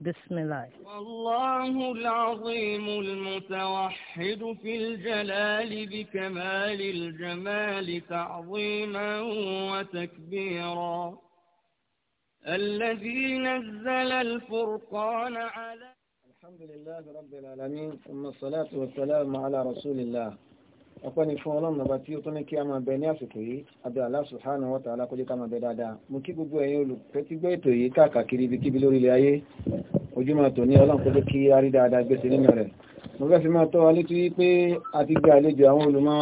بسم الله والله العظيم المتوحد في الجلال بكمال الجمال تعظيما وتكبيرا الذي نزل الفرقان على الحمد لله رب العالمين ثم الصلاة والسلام على رسول الله ọpẹ́ ni fún ọlọ́run ọba tí ó tún ní kí a máa bẹ ní àsìkò yìí abẹ́ Allah subhanahu wa ta'ala kó jẹ́ ká máa bẹ dáadáa mo kí gbogbo ẹ̀yin olùfẹ́ tí gbé ètò yìí káàkiri ibikíbi lórí ilẹ̀ ayé ojúmọ́ tò ní ọlọ́run kó jẹ́ kí a rí dáadáa gbèsè nínú rẹ̀ mo fẹ́ fi máa tọ́ wa létí pé a ti gba àlejò àwọn olùmọ̀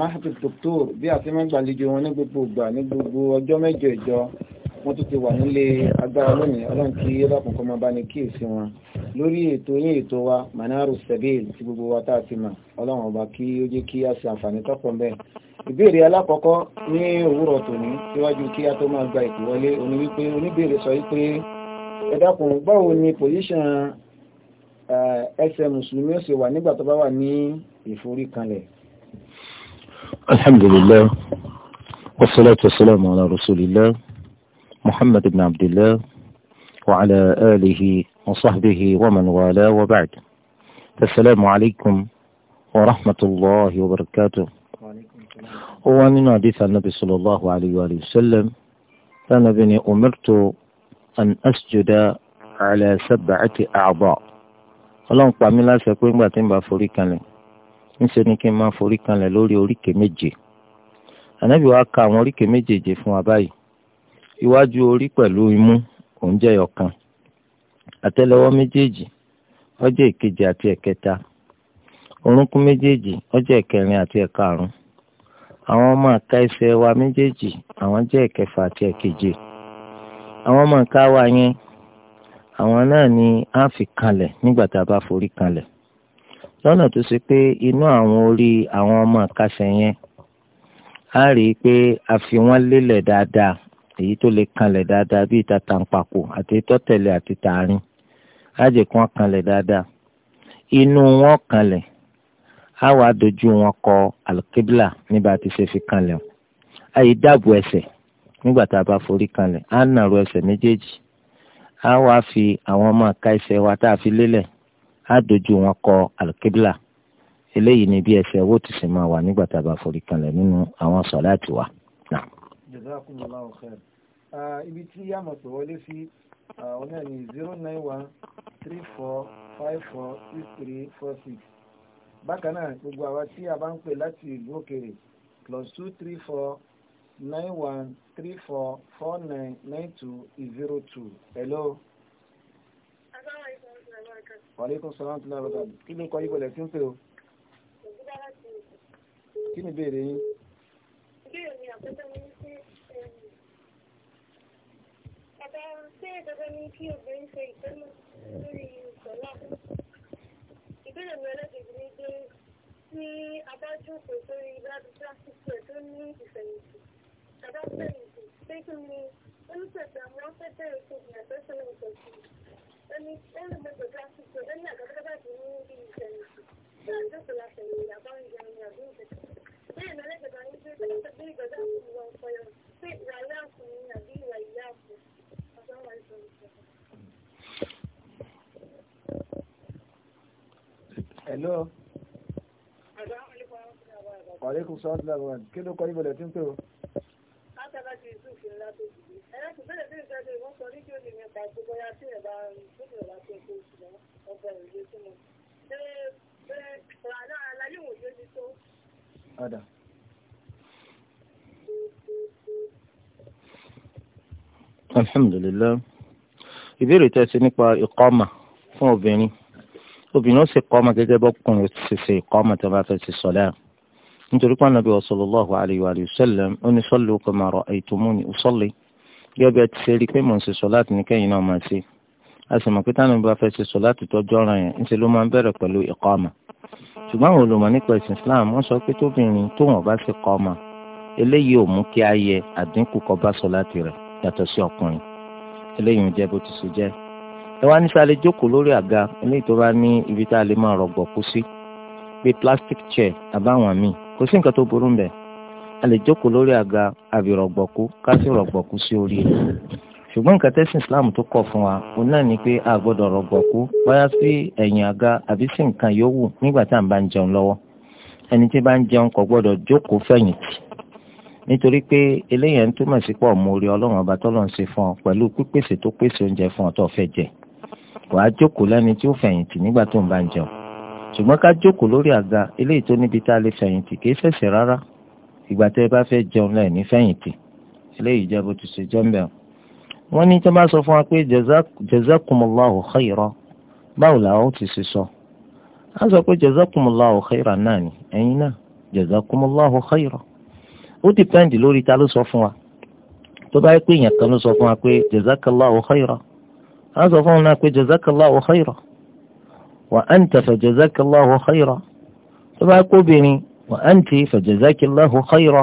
wa doctor bí a ti máa gbàlejò wọn ní gbogbo ìgbà ní gbogbo ọjọ́ mẹ́jọ ìjọ wọ́n tún ti wà nílé agbára lónìí ọlọ́run kí ó máa bá ní kíyèsí wọn lórí ètò yín ètò wa manaru sabil ti gbogbo wa tá a ti mọ̀ ọlọ́run ọba kí ó jẹ́ kí a ṣe àǹfààní tọ́pọ̀ bẹ́ẹ̀ ìbéèrè alákọ̀ọ́kọ́ ní òwúrọ̀ tòní síwájú kí a tó máa gba ìpè wọlé oní wípé oníbèrè sọ wípé ẹ báwo ni pòsíṣàn eh, ẹsẹ̀ mùsùlùmí ó wà nígbà tó bá wà ní ìforíkanlẹ̀. alhamdulillah wasalaatu wasalaamu ala wa وصحبه ومن والاه وبعد السلام عليكم ورحمة الله وبركاته هو من حديث النبي صلى الله عليه وآله وسلم كان بني أمرت أن أسجد على سبعة أعضاء ọlọ́run pa mí láṣẹ pé ńgbà tí ń bá forí kanlẹ̀ ńṣe ni kí n máa forí kanlẹ̀ lórí oríkèé méje ànábì wa ka àwọn oríkèé méjèèje fún wa báyìí iwájú orí pẹ̀lú imú òun jẹ́ ọ̀kan àtẹ́lẹwọ́ méjèèjì ó jẹ́ ìkejì àti ẹ̀kẹta orúnkún méjèèjì ó jẹ́ ìkẹrin àti ẹ̀karùn àwọn ọmọ àka ẹsẹ̀ wa méjèèjì àwọn jẹ́ ìkẹfà àti ẹ̀keje àwọn ọmọ àka wa yẹn àwọn náà ni a fi kanlẹ̀ nígbà tá a bá forí kanlẹ̀ lọ́nà tó ṣe pé inú àwọn orí àwọn ọmọ àkàṣẹ yẹn a rí i pé a fi wọ́n lélẹ̀ dáadáa èyí tó lè kanlẹ̀ dáadáa bíi tata àti tọ́tẹ̀lẹ̀ àti tààrin àjẹ́ kí wọ́n kanlẹ̀ dáadáa inú wọn kanlẹ̀ á wà dojú wọn kọ alqibla nígbà tí ṣe fi kanlẹ̀ o àyè dáàbò ẹsẹ̀ nígbà tá a bá forí kanlẹ̀ á nàró ẹsẹ̀ méjèèjì á wá fi àwọn ọmọ àka ẹsẹ̀ wa tá a fi lélẹ̀ á dojú wọn kọ alqibla eléyìí ni bí ẹsẹ̀ owó ti sì máa wà nígbà tá a bá forí kanlẹ̀ nínú àwọn sọ̀láàtì wa. jazakumullahu ah, ibi tí yàmọ̀ tó wọlé sí àwọn náà ní zero nine one three four five four six three four six bákan náà gbogbo àwa tí a bá ń pè láti ìlú òkèrè plus two three four nine one three four four nine nine two zero two hello. Wàlékún sọ́lá tó lára tàbí. Kí ló kọ yí pẹ̀lẹ̀ tí ń pè o? Kí ni ìbéèrè yín? Ìbéèrè mi àpẹẹrẹ mi ṣé ìjọba ní kí obìnrin ṣe ìtọ́nà lórí ìtọ́lá? Ìbéèrè mi ẹlẹ́gbẹ̀ẹ́ ni pé tí a bá jókòó sórí ìbáraẹnisẹ́ àtúntò tó ní ìfẹ̀yìntì, bàbá fẹ̀yìntì, pé kí ni olùpẹ̀sẹ̀ àwọn afẹ́fẹ́ ìṣèjì àtọ́sọ́nà ìtọ́jú? Ẹni olùpẹ̀sẹ̀ tó àtúntò ẹni àgbàdàgbà ti ní bí ìfẹ̀yìntì. Ṣé àjọṣe la fẹ̀yìn àbá àbí ìfẹ̀yìntì? Bẹ́ẹ̀ Hello. Ọ̀rẹ́kùn sọ́ọ́dún lábọ̀ kí ló kọ́ níbọ̀lẹ̀ tí ń pè ó? Látàlá ti ìsú ìfìlẹ̀ látò ìdílé. Ẹ̀rọ ti bẹ̀rẹ̀ bí ìjọba ìwọ́n sọ ní kí ó lè mẹ́ta ìgbóyà tí ẹ̀ bá ń gbóyà látò ìkó ìṣùgbọ́n ọgbà ìlú sí mi. Ṣé ṣé ọ̀rọ̀ àlàyé òye ti tó? Ọ̀dà. Alhamdulillah. Ìbéèrè tẹ̀sí nípa ìkọ́mà fún obìnrin obìnrin ó sì kọ́ ọmọ gẹ́gẹ́ bọ́kùnrin ti ṣe kọ́ ọmọ tó bá fẹ́ ti sọ̀lá nítorí pé ànábì sallallahu alayhi wa sallam ó ní sallu kama ra'aytumuni usalli yọ bí ẹ ti ṣe rí i pé mò ń ṣe sọ̀lá àti nìkẹ́yìn náà máa ṣe a sì mọ̀ pé táwọn ìbá fẹ́ ṣe sọ̀lá àti tọ́jú ọ̀ràn yẹn ńṣe ló máa ń bẹ̀rẹ̀ pẹ̀lú iqama ṣùgbọ́n àwọn olùmọ̀ nípa ìsìn Islam wọ́n sọ pé tóbìnrin tó wọ́n bá ṣe iqama eléyìí ò mú kí a yẹ àdínkù kọ́ bá sọ̀lá tirẹ̀ yàtọ̀ sí ọkùnrin eléyìí ń jẹ́ bó ti ṣe jẹ́ ẹ wá ní sálẹ jókòó lórí àga eléyìí tó bá ní ibi tá a lè máa rọgbọ kú sí bíi plastic chair àbáwọn míì kò sí nǹkan tó burú mbẹ a lè jókòó lórí àga àbí rọgbọ kú ká sì rọgbọ kú sí orí rẹ ṣùgbọ́n nǹkan tẹ́sí islam tó kọ̀ fún wa òun náà ni pé a gbọ́dọ̀ rọgbọ kú báyà sí ẹ̀yìn àga àbí sí nǹkan yòówù nígbà tá à ń bá ń jẹun lọ́wọ́ ẹni tí bá ń jẹun kò gbọ́dọ̀ jókòó fẹ̀yìntì nítorí pé eléyàn túmọ̀ sí pọ̀ mórí ọlọ́run ọba tọ́lọ́run ṣe fún ọ pẹ̀lú pípèsè tó pèsè oúnjẹ fún ọ tó fẹ́ jẹ kò á jókòó lẹ́ni tí ó fẹ̀yìntì nígbà tó ń bá ń jẹun ṣùgbọ́n ká jókòó lórí àga eléyìí tó níbi tá a lè fẹ̀yìntì kì í ṣẹ̀ṣẹ̀ rárá ìgbà tẹ́ ẹ bá fẹ́ jẹun lẹ́ẹ̀ ní fẹ̀yìntì eléyìí jẹ́ bó ti ṣe jẹ́ mbẹ́ wọ́n ní tó bá sọ fún wa pé jazakumullahu khayra báwo làwọn ti ṣe sọ á sọ pé jazakumullahu khayra náà ni ẹ̀yin náà هذا sọ fún الله náà وأنت فجزاك الله wa anta fa jazakallahu khayra tó bá kó obìnrin wa anti fa jazakallahu khayra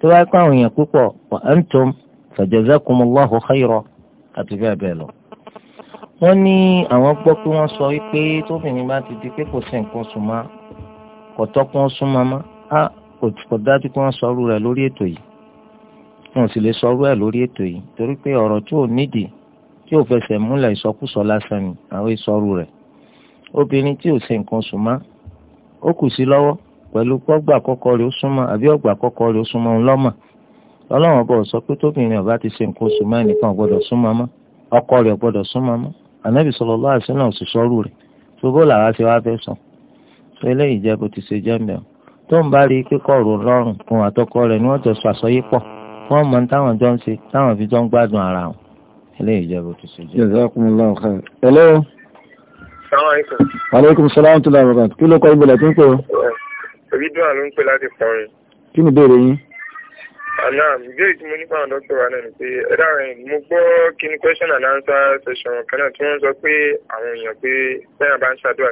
tó bá kó àwọn èèyàn púpọ̀ wa antum fa jazakumullahu khayra àti bẹ́ẹ̀ bẹ́ẹ̀ lọ wọ́n ní àwọn gbọ́ pé wọ́n sọ ti di pé kò sí nǹkan sùn mọ́ kò tọ́ kí wọ́n sún mọ́ kò dájú pé wọ́n sọrú rẹ̀ lórí ètò yìí wọ́n sì lè sọrú ẹ̀ lórí ètò yìí torí pé ọ̀rọ̀ tí nídìí tí ò fẹsẹ̀ múlẹ̀ ìsọkúsọ lásán ni àwọn rẹ̀ obìnrin tí nǹkan ti ṣe nǹkan ẹnìkan súnmọ́ mọ́ ọkọ rẹ̀ ọ̀gbọ́dọ̀ súnmọ́ mọ́ ànábì sọ̀rọ̀ lọ́wọ́ àṣẹ náà sì sọ́rù rẹ̀ ṣùgbọ́ làwa ṣe wá fẹ́ sàn ṣé eléyìí jẹ́ bó ti ṣe jẹ́ mẹ́ o tó ń bá rí i pé kọ̀ọ̀rọ̀ lọ́rùn fún àtọkọ rẹ̀ ni wọ́n sọ táwọn jọ ń ṣe táwọn fi jọ ń gbádùn ara eléyìí jẹ́ bó ti ṣe jẹ́. jazakumullahu khair. hello. salaamaleykum. aleykum salaam tó lára bàtà kí ló kọ́ ibùdó tó ń pè ọ́. èyí dùn àlọ́ ń pè láti kọrin. kí ni ìbéèrè yín. àná ìbéèrè tí mo ní fáwọn dókítà wa pé ẹ dáhùn mo gbọ́ kí ni question and answer session kan náà tí wọ́n sọ pé àwọn èèyàn pé bẹ́ẹ̀ bá ń ṣàdúrà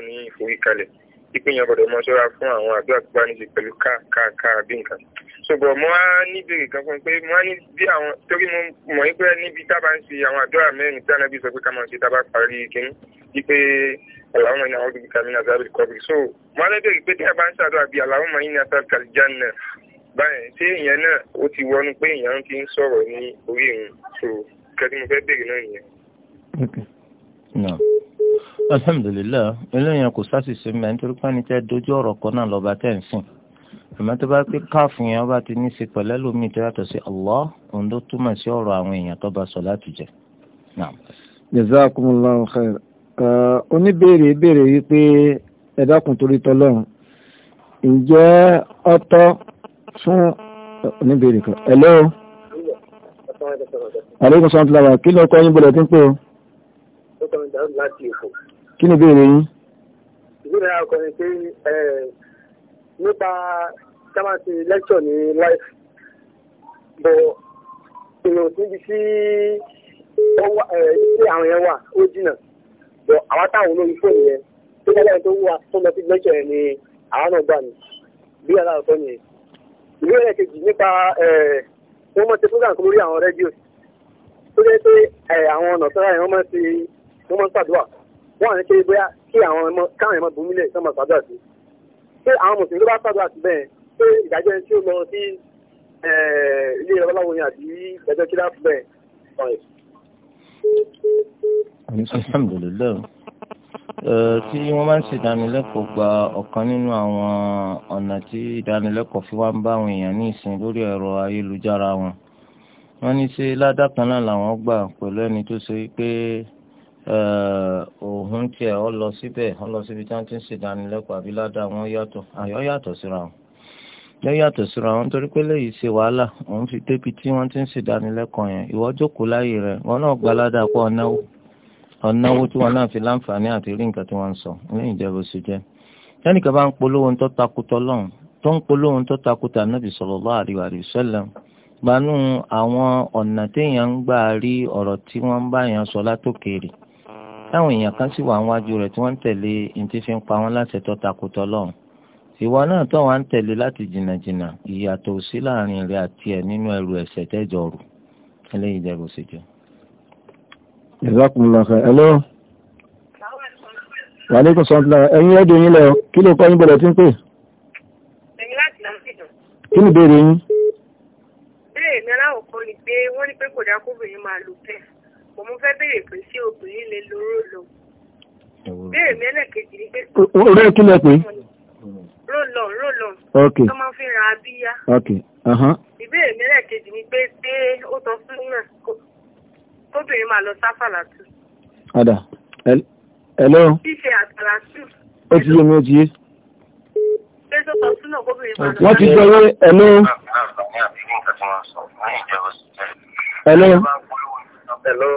ìpínyàn gbọdọ̀ mọ ṣọ́ra fún àwọn àdúrà tó bá ní ṣe pẹ̀lú káàkáà bí nǹkan. ṣùgbọ́n mo á níbèrè kan fún pé mo á ní bí àwọn torí mo mọ̀ pé níbi tá a bá ń ṣe àwọn àdúrà mẹ́rin tí anábì sọ pé ká máa ṣe tá a bá parí kínní bí pé aláwọ̀ iná ọdún bíi kamina zabi kọ́bìrì. so mo á lẹ́bẹ̀rẹ̀ pé tí a bá ń ṣàdúrà bíi aláwọ̀ máa ń yàtọ̀ kàlíjàn náà báyẹn ṣé èèyàn náà ó ti wọnú pé èèyàn ti ń sọ̀rọ̀ ní orí ìrìn so kẹ́tí mo fẹ́ bèrè náà nìyẹn alhamdulilayi eléyàn kò sásìsì mẹ́ nítorí pé ẹni tẹ́ dojú ọ̀rọ̀ kan náà lọ́ba tẹ́ ń sìn àmọ́ tó bá pé káàfù yẹn ọba ti ní í ṣe pẹ̀lẹ́ lómi tó yàtọ̀ sí Allah òun ló túmọ̀ sí ọ̀rọ̀ àwọn èèyàn tó bá sọ láti jẹ. jazakumullahu khair oníbèrè béèrè wípé ẹ dákun torí tọlọ́run ǹjẹ́ ọtọ́ fún oníbèrè kan hello aleykum salaam kí ló kọ́ yín bọ̀dọ̀ tí ń pè ó kí ni ìbéèrè yín. ìbéèrè akọ ni pé nípa kámásì lecture ní life bọ̀ èèyàn níbi tí ilé àwọn yẹn wà ó jìnnà bọ̀ àwọn táwọn olórí fóònù yẹn tó bá lẹ́yìn tó wà tó lọ sí lecture yẹn ni àwọn náà gbà mí bí aláàtọ̀ nìyẹn. ìbéèrè kejì nípa wọ́n mọ̀ sí program kan lórí àwọn rédíò tó jẹ́ pé àwọn ọ̀nà sọ́ra yẹn wọ́n mọ̀ sí wọ́n mọ̀ sí wọ́n àrẹ kéré bóyá kí àwọn ọmọ káwọn ọmọ bùnmí lẹ̀ sọ́mọ sàdúrà sí pé àwọn mùsùlùmí ló bá sàdúrà sí bẹ́ẹ̀ pé ìdájọ́ ẹni tí ó lọ sí ilé ẹ̀rọ láwọn yẹn àbí kí láti bẹ́ẹ̀ alhamdulilayi tí wọ́n máa ń ṣe ìdánilẹ́kọ̀ọ́ gba ọ̀kan nínú àwọn ọ̀nà tí ìdánilẹ́kọ̀ọ́ fi wá ń bá àwọn èèyàn ní ìsìn lórí ẹ̀rọ ayélujára wọn wọ́n ní ṣe ládàkan làwọn gbà pẹ̀lú ẹni tó ṣe pé òhun eh, tiẹ̀ ọ lọ síbẹ̀ ọ lọ síbi tí wọ́n ti ń ṣèdánilẹ́kọ̀ọ́ àbí ládàá wọn yàtọ̀ àyọ́ ah, yàtọ̀ síra wọn yọ yàtọ̀ síra wọn torí pé léyìí ṣe wàhálà òun fi débi tí wọ́n ti ń ṣèdánilẹ́kọ̀ọ́ yẹn ìwọ jókòó láàyè rẹ̀ wọn náà gba ládàá pọ̀ ọ̀náwó ọ̀náwó tí wọn náà fi láǹfààní àti rí nǹkan tí wọ́n ń sọ lẹ́yìn ìjẹ́bù sí jẹ́ tẹ́nìkan àwọn ọ̀nà téèyàn ń gbà rí ọ̀rọ̀ tí wọ́n ń bá yàn sọ látòkèrè táwọn èèyàn kan sì wà níwájú rẹ̀ tí wọ́n ń tẹ̀lé ní tí fi ń pa wọ́n láṣẹ tó takùtọ̀ lọ́hùn ìwọ náà tó wà ń tẹ̀lé láti jìnnàjìnnà ìyàtọ̀ sí láàrin rẹ̀ àti ẹ̀ nínú ẹrù ẹ̀ṣẹ̀ tẹ́jọ rù eléyìí jẹ́ bó ṣe jẹ́. ìzákùnlọ́fẹ́ hello. wàlékún sọ́ńtìlá ẹ̀yin ẹ̀dùn yín lọ kí ló kọ́ yín bọ̀dọ̀ tí ń pè. kí ni ìbéèrè yín. bẹ́ẹ̀ mi aláwọ̀ kan ni pé wọ́n ní pé kò dá kóbìnrin máa lò pẹ́ẹ́ pọ̀ mo fẹ́ béèrè pé ṣé obìnrin lè lóró lọ. béèrè mi ẹlẹ́kejì ni pé. orí ẹ kí lẹ pé. rólọ̀ rólọ̀. ok tó máa fi ra abíyá. ok ìbéèrè mi ẹlẹ́kejì ni pé ṣé ó tọ́ fún náà kóbìnrin máa lọ sáfàlà tù. ọ̀dà ẹ lọ. ṣíṣe àtàlà tù. ó ti yé mi ó ti yé wọ́n ti jọ wé ẹ̀lú ẹ̀lú Hello.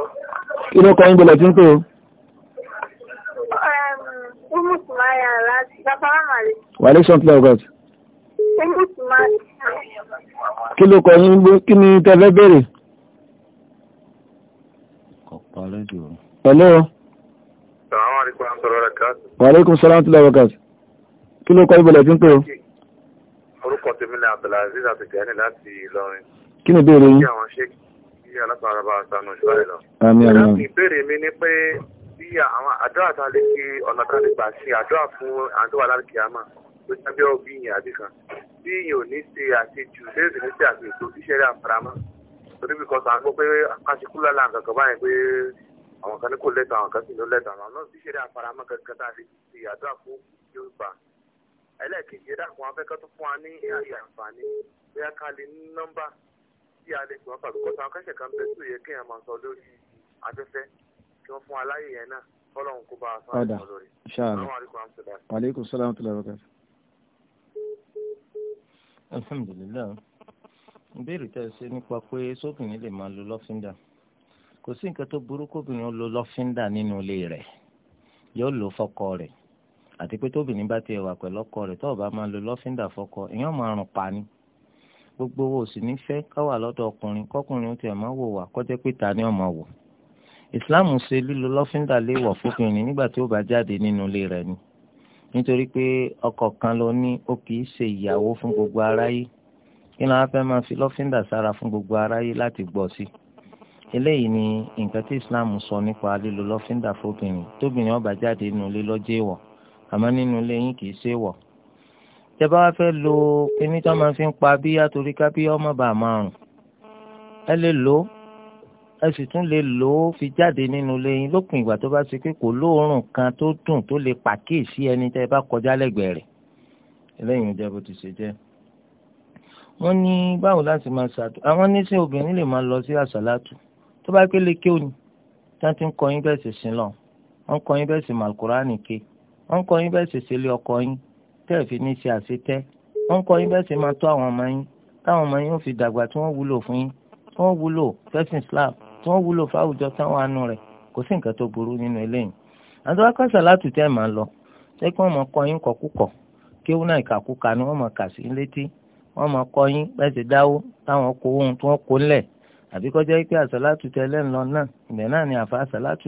Kí ló kọ́ ìgbẹ̀lẹ̀ tí ń pè ó? Umu Sumaya láti Bàbáwá Màlè. Wàlé Ṣọ́ntílẹ̀ Ọgọ́t. Umu Sumaya. Kí ló kọ́ yín kí ni tẹ́fẹ́ béèrè? Kọ̀pá lójú. Pẹ̀lú. Sàmúhàn àríkùn àǹtọ̀rọ̀ rẹ̀ káàtì. Wàlé Kùn Sọ́ntílẹ̀ Ọgọ́t. Kí ló kọ́ ìgbẹ̀lẹ̀ tí ń pè ó? Orúkọ tèmi ni Abdulaziz àti Gani láti Ìlọrin. Kí ni ìbéèrè yín? Kí àwọn ṣéèkì kí alágbára bá sanu ìṣúra lọ. ìbéèrè mi ni pé bí àwọn àdúrà tá a lè fi ọ̀nà kan lè gbà ṣe àdúrà fún àdúrà lálùkì àmà tó sábẹ́ òbí yìnyín àbí kan bí yìnyín ò ní ṣe àṣejù léèrè ní ṣe àṣejù tó ṣiṣẹ́ rẹ̀ àfaramọ́ torí bí kọ́sà gbọ́ pé kásìkúlọ̀ là ń kankan báyìí pé àwọn kan ní kò lẹ́tọ̀ àwọn kan sì ló lẹ́tọ̀ àwọn náà ṣiṣẹ́ rẹ̀ àfaramọ́ kankan tá a lè ṣe àdúrà fún yóò gbà ẹlẹ́ẹ̀kejì ẹ̀dá kan afẹ́kẹ́ tó fún wa ní àyè àǹfààní bí ká lè ní nọ́mbà tí a lè gbọ́n pàbí kọ́ta akẹ́kẹ̀ẹ́ kan bẹ́ẹ̀ tó yẹ kí èèyàn máa sọ lórí afẹ́fẹ́ kí wọ́n fún aláyè yẹn náà fọlọ́run kó bá a sọ àwọn lórí. aleykum salaam tula bàkà. alhamdulilayi ìbéèrè tẹ́ ṣe nípa pé sóbìnrin lè máa lo lọ́fíńdà kò sí nǹkan tó burú kóbìnrin lo lọ́fíńdà nínú ilé rẹ̀ yóò lò fọ́kọ rẹ̀ àti pé tóbìnrin bá ti wà pẹ̀lú ọkọ rẹ̀ tó bá máa lo lọ́fíńdà fọ́kọ ìyẹn máa rùn pa ni. gbogbo wo sì ní fẹ́ káwà lọ́dọ̀ ọkùnrin kọkùnrin ó tiẹ̀ máa wò wá kọjá pé ta ni ọmọ wò islam ṣe lílo lọ́fíńdà léèwọ̀ fóbìnrin nígbà tí ó bá jáde nínú ilé rẹ̀ ni nítorí pé ọkọ kan ló ní ó kì í ṣe ìyàwó fún gbogbo aráyé kí ló wá fẹ́ máa fi lọ́fíńdà sára fún gbogbo aráyé láti gbọ́ sí eléyìí ni nǹkan tí islam sọ nípa lílo lọ́fíńdà fóbìnrin tóbìnrin ó bá jáde nínú ilé lọ́jọ́ ìwọ̀ àmọ́ nínú ilé yín kì í ṣe ìwọ̀ tẹ́bá wá fẹ́ lo kíní tí wọ́n máa fi ń pa bí àtòrí ká bí ọmọ bá máa rùn ẹ lè lò ó ẹ sì tún lè lò ó fi jáde nínú lẹ́yìn lópin ìgbà tó bá ṣe pé kò lóòórùn kan tó dùn tó lè pàkíyèsí ẹni tẹ́ bá kọjá lẹ́gbẹ̀ẹ́ rẹ̀ eléyìí ń jẹ́ bó ti ṣe jẹ́ wọ́n ní báwo láti máa ṣàtò àwọn oníṣẹ́ obìnrin lè máa lọ sí àṣàlátù tó bá pé lè kéwòn tá ti ń kọ bẹ́ẹ̀ sì sin wọ́n kọ bẹ́ẹ̀ sì màlúkùránì ké wọ́n kọ bẹ́ẹ̀ sì sílé ọkọ yín tẹ́ ẹ̀ fi ní ṣe àṣetẹ́ wọ́n kọ́ yín bẹ́ẹ̀ sì máa tọ́ àwọn ọmọ yín táwọn ọmọ yín ò fi dàgbà tí wọ́n wúlò fún yín tí wọ́n wúlò fẹ́sìn Islam tí wọ́n wúlò fáwùjọ táwọn anú rẹ̀ kò sí nǹkan tó burú nínú eléyìí àtọ́wá kọ́sà látù tẹ́ máa lọ ṣé kí wọ́n mọ kọ́ yín kọkúkọ kí wọ́n náà ìkàkúkà ni wọ́n mọ kà sí létí wọ́n mọ kọ́ yín bẹ́ẹ̀ sì dáwó táwọn kó ohun tí wọ́n ni àfa àsàlátù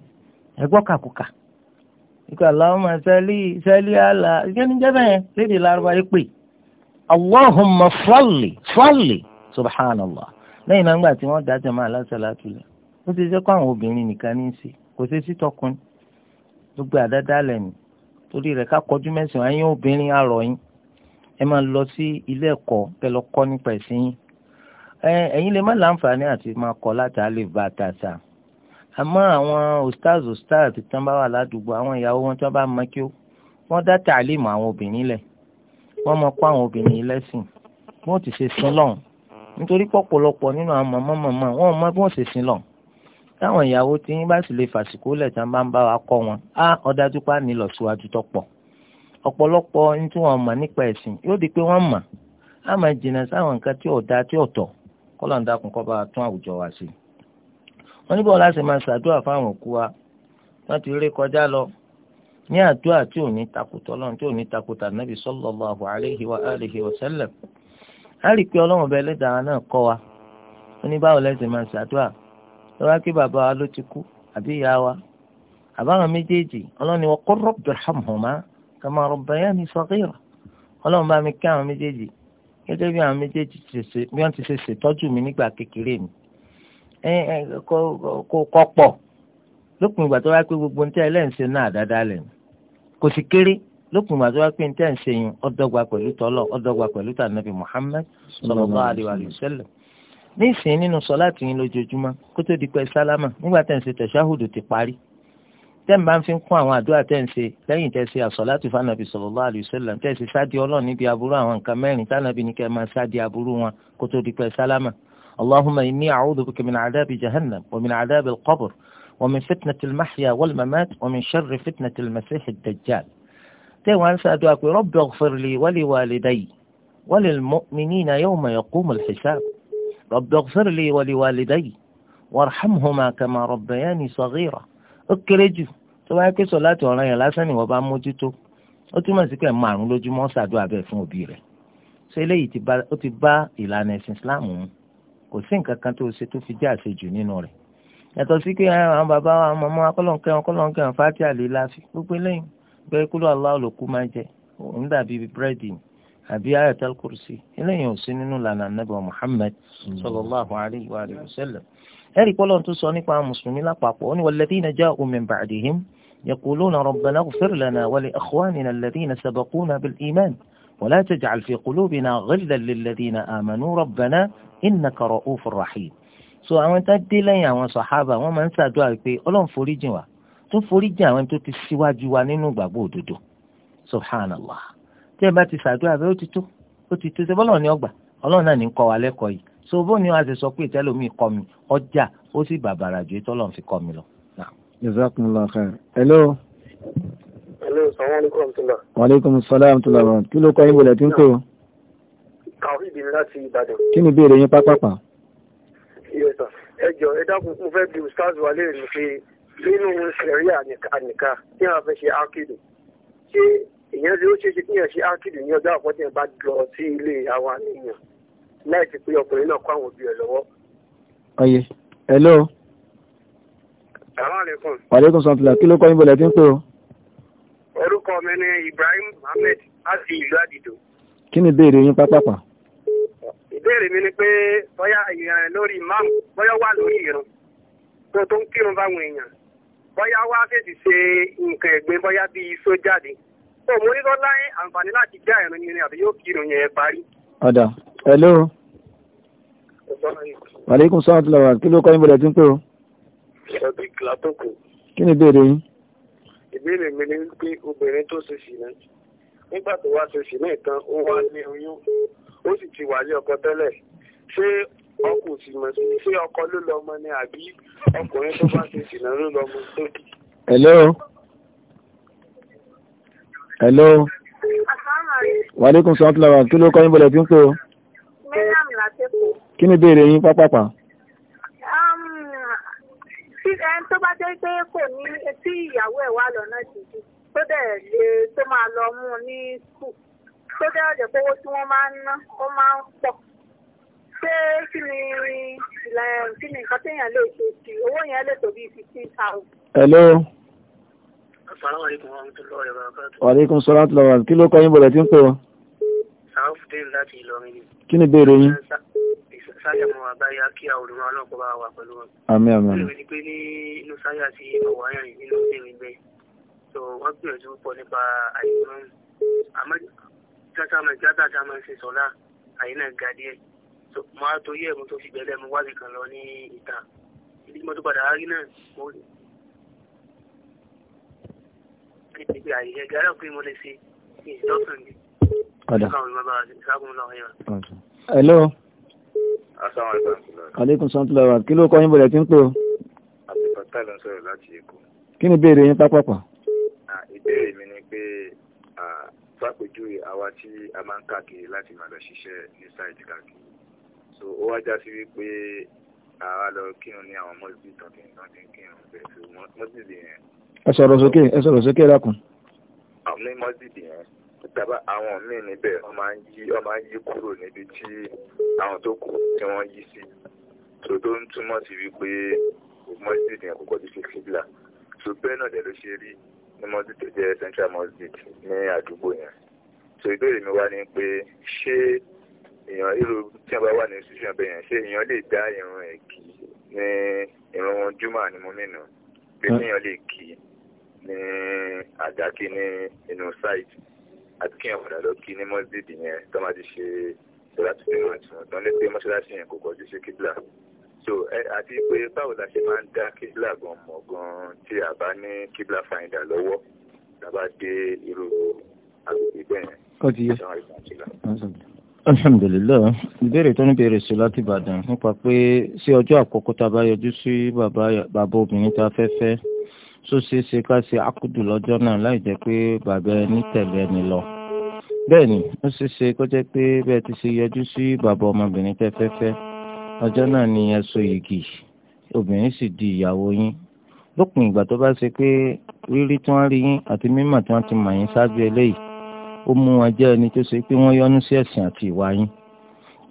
ẹgbọ́ kàkùkà ìkọ Allahumma salli salli ala ìgbẹ́nijẹ́ bẹ́ẹ̀ lédè lárúbá yìí pè Allahumma salli salli subhanallah lẹ́yìn náà ńgbà tí wọ́n dá jẹ́ máa lásàlá tulẹ̀ ó ti jẹ́ kó àwọn obìnrin nìkan ní í ṣe kò ṣe sí tọkùnrin gbogbo àdáda lẹ́nu torí rẹ̀ ká kọjú mẹ́sàn-án ẹ̀yin obìnrin àrọ̀ yín ẹ máa lọ sí ilé ẹ̀kọ́ kẹ lọ kọ́ nípa ẹ̀sìn yín ẹ̀yin lè má láǹfààní àti máa kọ́ látàá lè bá a ta sáà àmọ́ àwọn ostars ostars tí wọ́n bá wà ládùúgbò àwọn ìyàwó wọn tí wọ́n bá mọ kí ó wọ́n dá tàlímù àwọn obìnrin lẹ̀ wọ́n mọ kó àwọn obìnrin lẹ́sìn wọ́n ti ṣe sin lọ́hùn nítorí pọ̀pọ̀lọpọ̀ nínú àwọn màmá wọ́n mọ bí wọ́n ṣe sin lọ́hùn táwọn ìyàwó tí yín bá sì lè fàṣíkò lẹ̀ tí bá ń bá wa kọ́ wọn á ọ̀dájú pa ní lọ síwájú tó pọ̀ ọ̀pọ̀lọpọ̀ ní tí wọ́n mọ̀ nípa ẹ̀sìn yóò di pé wọ́n mọ̀ á máa jìnnà sáwọn wọ́n níbọ̀ láti máa ṣàdúrà fáwọn òkú wa wọ́n ti rí kọjá lọ ní àdúrà tí ò ní takùtà ọlọ́run tí ò ní takùtà nàbì sallallahu alaihi wa alihi wa sallam á rí i pé ọlọ́run ọba ẹlẹ́dàá náà kọ́ wa wọ́n ní báwo lẹ́sìn máa ṣàdúrà lọ́wọ́ kí bàbá wa ló ti kú àbí ìyá wa àbáwọn méjèèjì ọlọ́run ni wa qur rabbi irhamhuma kama rabbayani ọlọ́run bá mi kò pọ̀ lópin ìgbà tó wá pé gbogbo níta ẹlẹ́ǹsẹ̀ náà dáadáa lẹ̀ kò sì kéré lópin ìgbà tó wá pé níta ẹ̀ǹsẹ̀ yẹn ọ̀dọ́gba pẹ̀lú tọ́lọ̀ ọ̀dọ́gba pẹ̀lú tànàbí Muhammad sallallahu alaihi wa sallam nísìnyí nínú sọláàtì yín lójoojúmọ́ kó tó di pé sálámà nígbà tẹ̀ ń ṣe tẹ̀ṣáhùdù ti parí tẹ̀ ń bá ń fi kún àwọn àdúrà tẹ̀ ń ṣe lẹ́yìn tẹ̀ ṣe àsọláàtì fànàbì sallallahu alaihi wasallam tẹ̀ ṣe sáàdì ọlọ́ọ̀ níbi aburú àwọn nǹkan mẹ́rin tànàbì ní kẹ́ máa sáàdì aburú wọn kó tó di pé sálámà اللهم إني أعوذ بك من عذاب جهنم ومن عذاب القبر ومن فتنة المحيا والممات ومن شر فتنة المسيح الدجال تيوان سأدعك رب اغفر لي ولوالدي وللمؤمنين يوم يقوم الحساب رب اغفر لي ولوالدي وارحمهما كما ربياني صغيرة اكرج تبعك صلاة ورايا لاساني وبا موجتو ó túmọ̀ لجمع pé márùn-ún lójúmọ́ سيلي bẹ́ẹ̀ fún òbí rẹ̀ kò sí nǹkan kan tó ṣe tó fi jẹ́ àṣejù nínú rẹ̀ yàtọ̀ sí pé àwọn bàbá wa mọ̀ mọ́ akọ́lọ́nkẹ́ wọn kọ́lọ́nkẹ́ wọn fàtí àlè láfi gbogbo eléyìí bẹ́ẹ̀ kúlọ̀ aláwọ̀ ló kú máa jẹ òun dàbí búrẹ́dì àbí ayatul kursi eléyìí ò sí nínú lànà nàbẹ̀ Muhammad sallallahu alayhi wa sallam ẹ̀rí pọ́lọ́ tó sọ nípa mùsùlùmí lápapọ̀ ó ní walladhina ja'u min ba'dihim yaquluna rabbana ighfir lana wa li ikhwanina alladhina sabaquna bil iman ولا تجعل في قلوبنا غلا للذين آمنوا ربنا إنك رؤوف رحيم so àwọn tá dé lẹ́yìn àwọn sàhábà wọ́n máa ń ṣàdúrà pé ọlọ́run foríjìn wa tó foríjìn àwọn tó ti síwájú wa nínú ìgbàgbọ́ òdodo subhanallah tí ẹ bá ti ṣàdúrà bẹ́ẹ̀ ó ti tó ó ti tó ṣe bọ́lọ̀ ní ọgbà ọlọ́run náà ní kọ́ wa lẹ́kọ̀ọ́ yìí so bó ni wàá ṣe sọ pé ìtẹ́lómi kọ́ mi ọjà ó sì bàbàrà ju ètò ọlọ́run fi kọ́ mi lọ. jazakumullah khair hello. Wàlékún sọ́lám tó lọ́rọ̀. Kí ló kọ́ ìbòlẹ̀ tí ń pè ó? Kàwí ìbí láti Ìbàdàn. Kí ni ìbéèrè yín pápápá? Ẹ jọ̀ọ́ ẹ dákun mo fẹ́ bi Ustaz wa lè rí pé nínú ṣẹ̀ríà ànìká tí a fẹ́ ṣe ákìdù. Ṣé èèyàn ló ṣe ṣe kíyàn ṣe ákìdù ní ọjọ́ àpọ́tẹ̀ bá lọ sí ilé àwọn àníyàn láì ti pé ọkùnrin náà kọ́ àwọn òbí ẹ̀ lọ́wọ́. Ọyẹ, hello. Àwọn àlékún. Wàlékún sọ́ntìlà, kí ló kọ́ ìbòlẹ̀ tí ń pè ó? orúkọ mi ni Ibrahim Mohammed láti ìlú Àdìdó. kí ni ìbéèrè yín pápápá. ìbéèrè mi ni pé bóyá ìrìn lórí imam bóyá wà lórí ìrun tó tó ń kírun báwọn èèyàn bóyá wá fèsì ṣe nǹkan ẹ̀gbin bóyá bíi iṣó jáde o mo ní kọ́ àǹfààní láti àbí yóò kírun yẹn parí. hello. wàlẹ́kùn sọ́wọ́n lọ́wọ́ kí ló kọ́ yín bọ̀dẹ̀ tí ń pè ó. ìbéèrè mi ni wípé obìnrin tó ṣe sì náà nígbà tó wá ṣe sì náà tán ó wá ní oyún ó sì ti wà ní ọkọ tẹ́lẹ̀ ṣé ọkùnrin sì mọ̀ sí ṣé ọkọ ló lọ ọmọ ni àbí ọkùnrin tó bá ṣe sì náà ló lọ ọmọ tó kì. hello hello wàlékún sọ́ńtìlára kí ló kọ́ yín bọ̀lẹ̀ tí ń pè ó. mẹ́rìnàmù làtẹ́kọ̀ọ́. kí ni ìbéèrè yín pápápá ẹni tó bá jẹ́ pé kò ní tí ìyàwó ẹ̀ wà lọ́nà jìjì tó dẹ̀ lè tó máa lọ mú un ní skul tó dẹ̀ ọ̀dẹ̀ pówó tí wọ́n máa ń ná ó máa ń pọ̀ ṣé kí ni kí ni nǹkan téèyàn lè ṣe sí owó yẹn lè tó bíi fifteen thousand. hello. asalaamualeykum wa rahmatulahi wa barakatu. wa aleykum salaam wa rahmatulahi kí ló kọ́ yín bọ̀dẹ̀ tí ń pè wá. sàáfù dé láti Ìlọrin kí ni ìbéèrè yín sáyà mọ àbáyá kí a olùrán ọlọ́pọ̀ bá wà pẹ̀lú wọn. àmín àmín. olùwé ni pé ní inú sáyà sí ọ̀wọ́ ayọ̀ yìí nínú ìbéèrè bẹ́ẹ̀ so wọ́n gbìyànjú púpọ̀ nípa àìsàn àmọ́ tíátà máa tíátà tá a máa ń ṣe sọ́lá àyè náà ga díẹ̀ so mo á torí ẹ̀ mo tó fi bẹ̀lẹ̀ mo wáṣẹ̀ kan lọ ní ìta ibi mo tó padà rárí náà mo rí Hello aleykum santola wa kí ló kọ́ yín bọ̀dẹ̀ tí ń pè ọ́. àbíkọ́tà ló ń sọ̀rọ̀ láti èkó. kí ni ìbéèrè yín pápápá. ìbéèrè mi ni pé fàpèjúwe àwa tí a máa ń káàkiri láti máa lọ ṣiṣẹ́ ní sáìtì káàkiri so ó wá já sí wípé àwa lọ kírun ní àwọn mọ́sídì tọ́kì náà ti ń kírun bẹ́ẹ̀ tó mọ́sídì yẹn. ẹ sọ̀rọ̀ sókè ẹ sọ̀rọ̀ sókè lákùn. àwọn mọ́sídì yẹn tàbá àwọn míì níbẹ̀ wọ́n máa ń yí wọ́n máa ń yí kúrò níbi tí àwọn tó kù tí wọ́n yí sí tó tó ń túmọ̀ sí wípé mọ́sídìí yẹn kò kọjú sí kíbla tó bẹ́ẹ̀ náà dẹ̀ ló ṣe rí ní mọ́sídìí tó jẹ́ central mosque ní àdúgbò yẹn tó ìbéèrè mi wá ni pé ṣé èèyàn irú tí wọ́n bá wà ní institution bẹ́ẹ̀ yẹn ṣé èèyàn lè dá irun ẹ̀ kì ní irun juma ni mo mìíràn pé èèyàn lè kì ní àdákí ní inú site àti kí ẹ̀wọ̀n lọ kí ní mọ́sídìí yẹn tó máa ti ṣe sọ̀rọ̀ àti fẹ́ràn tí wọ́n tán lé pé mọ́ṣáláṣí yẹn kò kọjú sí kíbla so àti pé báwo la ṣe máa ń dá kíbla gan mọ̀ gan tí a bá ní kíbla finder lọ́wọ́ tàbá dé irú agbègbè bẹ́ẹ̀ yẹn. alhamdulilayi ìbéèrè tó ń béèrè sí láti Ìbàdàn nípa pé sí ọjọ́ àkọ́kọ́ tá a bá yọjú sí bàbá obìnrin tá a fẹ́ fẹ́ so ṣeéṣe ká ṣe akudu lọ́jọ́ náà láì jẹ́ pé bàbá ẹni tẹ̀lé ẹni lọ. bẹ́ẹ̀ ni ó ṣeéṣe kó jẹ́ pé bẹ́ẹ̀ ti ṣe yọjú sí bàbá ọmọbìnrin tẹ́fẹ́fẹ́ ọjọ́ náà ni ẹ so yìgì obìnrin sì di ìyàwó yín lópin ìgbà tó bá ṣe pé rírí tí wọ́n rí yín àti mímọ̀ tí wọ́n ti mọ̀ yín ṣáájú eléyìí ó mú wọn jẹ́ ẹni tó ṣe pé wọ́n yọ́nú sí ẹ̀sìn àti ìwà yín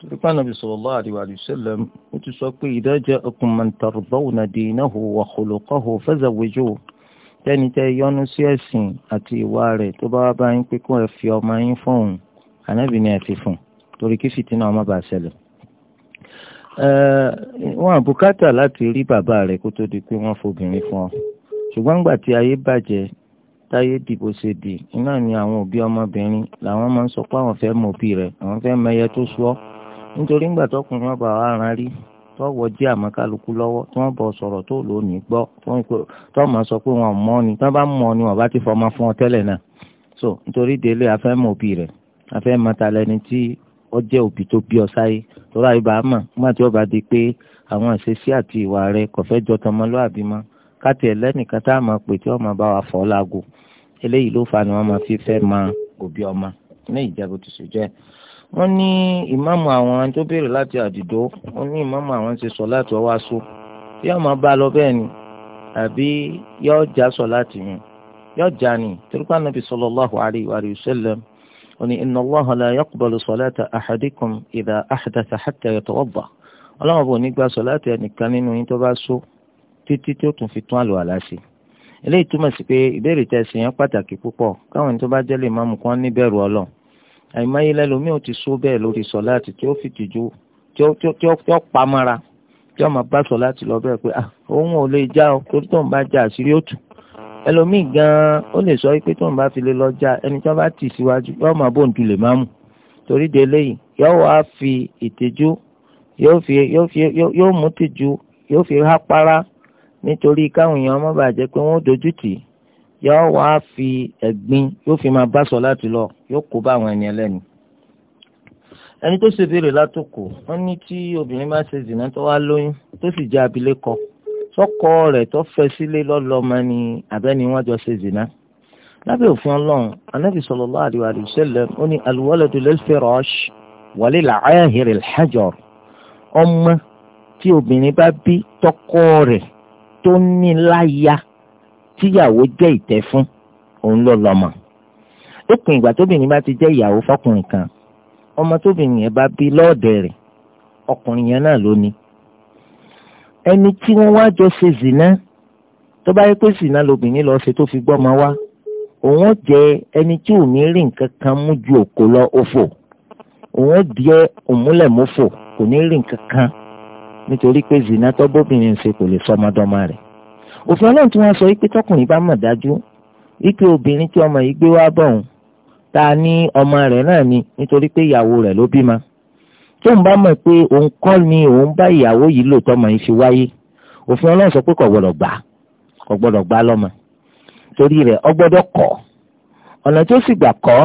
torípa nàbì sallallahu alaihi wasallam ó ti sọ pé idha ja'akum man tardawna dinahu wa khuluquhu fazawwijuhu tẹ́ni tẹ́ yọ́nú sí ẹ̀sìn àti ìwà rẹ̀ tó bá wá bá yín pé kó ẹ fi ọmọ yín fóun ànábì ni ẹ fi fún torí kí fìtínà ọmọ bá ṣẹlẹ̀. wọn àbùkátà láti rí bàbá rẹ̀ kó tó di pé wọ́n fobìnrin fún ọ ṣùgbọ́n nígbà tí ayé bàjẹ́ táyé dìbò ṣe dì iná ni àwọn òbí ọmọbìnrin làwọn máa ń sọ pé àwọn fẹ́ mọ òbí rẹ̀ àwọn fẹ́ mẹyẹ tó sọ ọ́ nítorí ńgbà tọkùnrin ọba wa rán rí tọwọ jí àmọ́ kálukú lọ́wọ́ tí wọn bọ sọ̀rọ̀ tó lónìí gbọ́ tó máa sọ pé wọn mọ ni tí wọn bá mọ ni wọn bá ti fọmọ fún ọ tẹ́lẹ̀ náà so nítorí délé afẹ́ mọ òbí rẹ̀ afẹ́ mọta lẹni tí ó jẹ́ òbí tó bí ọ sáyé torí àyíbá àmọ nígbà tí ó bá di pé àwọn ìṣesí àti ìwà rẹ̀ kò fẹ́ jọ tọmọlúàbí mọ́ káti ẹlẹ́nìkan tá a máa pè tí wọ́n máa bá wa fọ́ láago eléyìí ló fa ni wọ́n máa fi fẹ́ máa òbí ọmọ ní ìjẹ́bù wọ́n ní ìmáàmù àwọn tó béèrè láti àdìdó wọ́n ní ìmáàmù àwọn ti sọ láti ọwọ́ aṣọ tí yóò máa bá lọ bẹ́ẹ̀ ni àbí yóò já sọ láti yẹn yóò já ni torípa nàbì sallallahu alayhi wa sallam ó ní inna Allaha la yaqbalu salata ahadikum idha ahdatha hatta yatawadda ọlọ́wọ́n bò ní gba sọ láti ẹnìkan nínú yín tó bá sọ títí tó tún fi tún àlò àlá eléyìí túmọ̀ sí pé ìbéèrè tẹ̀sìn pàtàkì púpọ̀ káwọn tó bá jẹ́ lè máàmù kan níbẹ̀rù Ọlọ́run àìmáyé lẹ́lòmíì ò ti sọ bẹ́ẹ̀ lórí sọ láti tí ó fi tìjú tí ó tí ó tí ó pamọ́ra tí ó máa bá sọ láti lọ bẹ́ẹ̀ pé ah, òun ò lè já o torí tóun bá já àṣírí òtù ẹlòmíì gan-an ó lè sọ pé tóun bá fi lè lọ já ẹni tí wọ́n bá tì síwájú yóò máa bóńdù lè má mú torí de eléyìí yóò wá fi ìtìjú yóò fi yóò fi yóò mú tìjú yóò fi hápárá nítorí káwọn èèyàn má bàa pé wọ́n dojú tì í yóò wá fi ẹ̀gbin yóò fi máa bá sọ láti lọ yóò kó bá àwọn ẹni ẹlẹ́ni. ẹni tó ṣe béèrè látòkò wọn ní tí obìnrin bá ṣe zìnà tó wá lóyún tó sì jẹ́ abilékọ sọ́kọ rẹ̀ tó fẹ́ sílé lọ́lọ́mọ ni àbẹ́ni wọ́n jọ ṣe zìnà. lábẹ́ òfin ọlọ́run anábì sallallahu alaihi wasallam ó ní alwaladu lil firash wa lil ahiri al hajar ọmọ tí obìnrin bá bí tọkọ rẹ̀ tó ní láya tíyàwó jẹ́ ìtẹ́ fún òun ló lọ́mọ lópin ìgbà tóbìnrin bá ti jẹ́ ìyàwó fọkùnrin kan ọmọ tóbìnrin yẹn bá bí lọ́ọ̀dẹ̀ rẹ̀ ọkùnrin yẹn náà ló ní ẹni tí wọ́n wá jọ ṣe zìnà tó bá yẹ pé zìnà lobìnrin lọ ṣe tó fi gbọ́mọ wá òun ó jẹ ẹni tí ò ní rí mú ju òkò lọ òfò òun jẹ òmúlẹ̀mọ́fò kò ní rí nǹkan nítorí pé zìnà tó bóbìnrin ṣe kò lè sọmọdọ́mọ rẹ̀ òfin ọlọ́run tí wọ́n sọ wípé tọkùnrin bá mọ̀ dájú wípé obìnrin tí ọmọ yìí gbé wá bọ̀ òun ta ní ọmọ rẹ̀ náà ni nítorí pé ìyàwó rẹ̀ ló bímọ tó ń bá mọ̀ pé òun kọ́ ni òun bá ìyàwó yìí lò tọmọ yìí fi wáyé òfin ọlọ́run sọ pé kò gbọ́dọ̀ gbà kò gbọ́dọ̀ gbà lọ́mọ torí rẹ̀ ọ gbọ́dọ̀ kọ̀ ọ̀nà tó sì gbà kọ́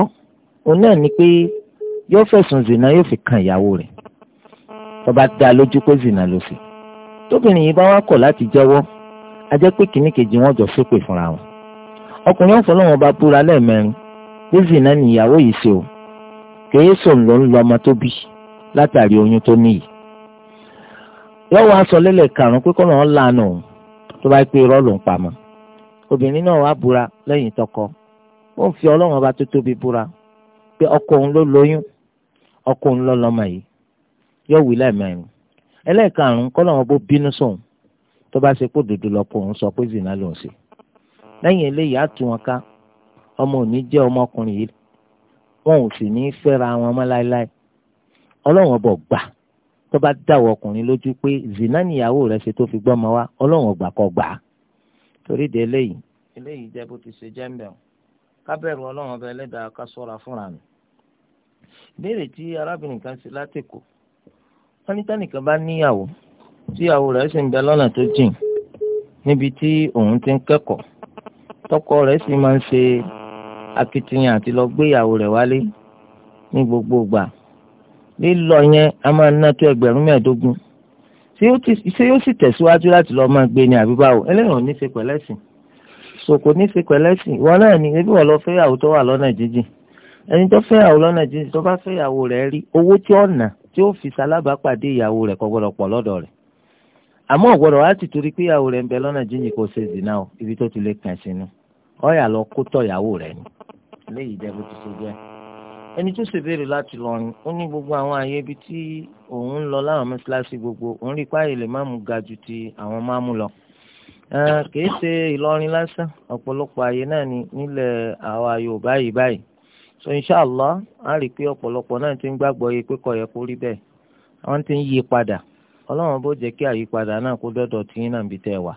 òun náà ni pé yóò fẹ̀sùn zina yóò fi kan ìyàwó rẹ̀ tó bá dá lójú pé zina ló fi tóbìnrin yìí bá wá kọ̀ láti jẹ́wọ́ ajẹ́ pé kìíní kejì wọn jọ ṣépè fúnra wọn. ọkùnrin ọ̀sán lọ́wọ́ bá búra lẹ́ẹ̀mẹrin pé zina ni ìyàwó yìí ṣe o kèé sòun ló ń lọ ọmọ tó bí látàrí oyún tó níyì. yọ̀wọ́ aṣọ lélẹ̀ karùn-ún pé kọ́nà ọ̀la nù tó bá pé irọ́ ló ń pamọ́. obìnrin náà wá búra lẹ́yìn tọkọ ó ń fi ọlọ́wọ́n bá tó tóbi búra pé ọkọ òun ló lóyún ọkọ òun ló lọ́mọ yìí yọ̀wí lẹ́ẹ̀mẹrin ẹlẹ́ẹ̀karùn-ún kọ́nà ọ tó bá ṣe pò dòdò lọ́pọ̀ òun sọ pé zina ló ń ṣe lẹ́yìn eléyìí á tú wọn ká ọmọ òní jẹ́ ọmọkùnrin yìí wọn ò sì ní í fẹ́ra wọn mọ́ láéláé ọlọ́run ọbọ̀ gbà tó bá dáwọ́ ọkùnrin lójú pé zina níyàwó rẹ̀ ṣe tó fi gbọ́mọ wá ọlọ́run ọgbà kọ gbà á torí de eléyìí eléyìí jẹ́ bó ti ṣe jẹ́ ń bẹ̀ wọ́n kábẹ́rù ọlọ́run ká sọ́ra fúnra mi ìbéèrè tí arábìnrin kan ṣe látẹ̀kọ̀ wọ́n ní tẹ́nìkan bá níyàwó tíyàwó rẹ̀ sì ń bẹ lọ́nà tó jìn níbi tí òun ti ń kẹ́kọ̀ọ́ tọkọ rẹ̀ sì máa ń ṣe akitiyan àti lọ gbéyàwó rẹ̀ wálé ní gbogbo ìgbà lílọ yẹn a máa ná tó ẹgbẹ̀rún mẹ́ẹ̀ẹ́dógún ṣé yóò sì tẹ̀síwájú láti lọ́ọ́ máa gbé ni àbí báwo ẹlẹ́yìn ò ní ṣe pẹ̀lẹ́sìn sòkò ní ṣe pẹ̀lẹ́sìn ìwọ náà ni ebi wọn lọ fẹ́yàwó tó wà lọ́nà jíjìn ẹni tó fẹ́yàwó lọ́nà jíjìn tó bá fẹ́yàwó rẹ̀ rí owó tí ó nà tí ó fi ṣalábàápàdé ìyàwó rẹ̀ kò pọ̀ lọ́dọ̀ rẹ̀ àmọ́ ọ̀gbọ́dọ̀ wá ti torí pé ìyàwó rẹ̀ ń bẹ lọ́nà jíjìn kó ṣe zina o ibi tó ti lè kàn sí ni ọ̀yà lọ kó tọ̀ ìyàwó rẹ̀ ni léyìí jẹ́ bó ti ṣe jẹ́ ẹni tó ṣe béèrè láti lọ ni ó ní gbogbo àwọn àyè ibi tí òun ń lọ láwọn mọ́ṣáláṣí gbogbo òun rí páyì lè má mú ga ju ti àwọn má mú lọ kìí ṣe Ìlọrin lásán ọ̀pọ̀lọpọ̀ àyè náà ni nílẹ̀ àwa Yorùbá yìí so inshàlá a rí i pé ọ̀pọ̀lọpọ̀ náà ti ń gbàgbọ́ yẹ ọlọ́run bó jẹ́ kí àyípadà náà kó dọ́dọ̀ tí yín náà ń bi tẹ́ wà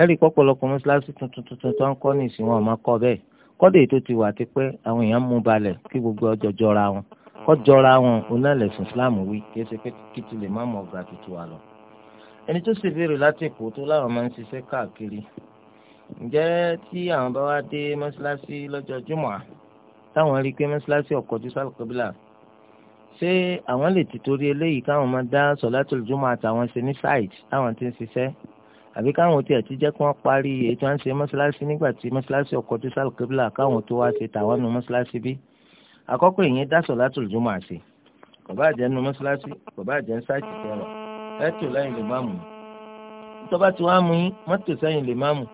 ẹ̀rí pọ́pọ́lọpọ́ mọ́ṣáláṣí tuntun tuntun tó ń kọ́ ní ìsìn wọn ọ̀ma kọ́ bẹ́ẹ̀ kọ́dọ̀ ètò ti wà ti pẹ́ àwọn èèyàn mú balẹ̀ kí gbogbo ọjọ́ jọra wọn kọ́ jọra wọn onálẹ̀sùn Islam wí kìí ṣe pé kí ti má mọ̀ ọ̀gá tuntun wa lọ. ẹni tó sì béèrè láti èkó tó láwọn máa ń ṣiṣẹ́ káàkiri ǹjẹ́ tí àwọn bá wá dé mọ́ṣáláṣí lọ́jọ́ jùmọ̀ ṣé àwọn lè ti torí eléyìí káwọn máa dá sọ̀látò lójúmọ́ àtàwọn ṣe ní ṣáìtì táwọn ti ń ṣiṣẹ́ àbí káwọn tiẹ̀ ti jẹ́ kí wọ́n parí èyí tí wọ́n ń ṣe mọ́ṣáláṣí nígbà tí mọ́ṣáláṣí ọkọ̀ tó sálùkébìlà káwọn tó wá ṣe tàwọn nu mọ́ṣáláṣí bí àkọ́kọ́ ìyẹn dá sọ̀látò lójúmọ́ àṣẹ bàbá àjẹ́ nu mọ́ṣáláṣí bàbá àjẹ́ ń ṣáìtì tẹ̀rọ ẹ tò lẹ́yìn lè máàmù tó bá ti wá mú yín mọ́tò sẹ́yìn lè máàmù